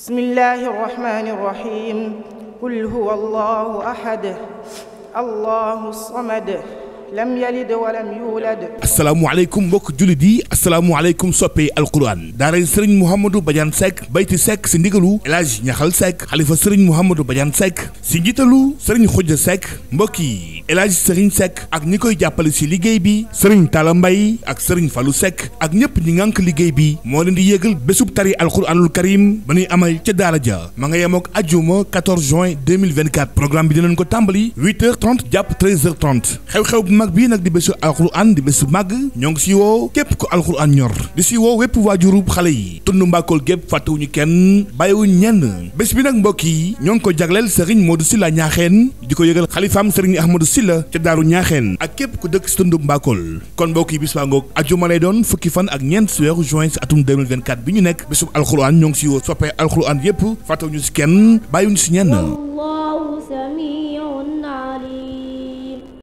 بسم الله الرحمن الرحيم قل هو الله أحد الله الصمد lam yalid walam yulad asalaamualeykum mbokk jullit yi asalaamualeykum soppe alquran daaray sëriñ mouhamadou badiane seck bayti seck si ndigalu elage ñaxal seck xalifa sëriñ mouhamadou badiane seck si njiitalu sëriñ xujja seck mbokk yi El Hadj Serigne Seck ak ñi koy jàppale si liggéey bi Serigne Talla Mbaye ak Serigne Fallou sekk ak ñëpp ñi ngànk liggéey bi moo leen di yéegal bésub tari alxuraanul karim ba ñuy amal ca daara ja ma nga yemook ajjuma 14 juin 2024 programme bi dinañ ko tàmbali 8h30 jàpp 13h30 xew-xew bu mag bii nag di bésu alxuraan di bésu màgg ñoo ngi si woo képp ko alxuraan ñor di si woo wépp waajurub xale yi tund mbàkkool gépp fàttewuñu kenn bàyyiwuñ ñenn bés bi nag mbokk yi ñoo ngi ko jagleel Serigne Modou Sylla ñaaxeen di ko yégal si la ca daaru ñaaxeen ak képp ku dëkk si tundub mbaakool kon mbokk bis baa ngoog ajuma doon fukki fan ak ñeent si weeru juin si atum bi ñu nekk bisub alxuraan ñoo ngi si soppee alxuraan yépp fàttaw ñu si kenn bàyyiwuñu si ñenn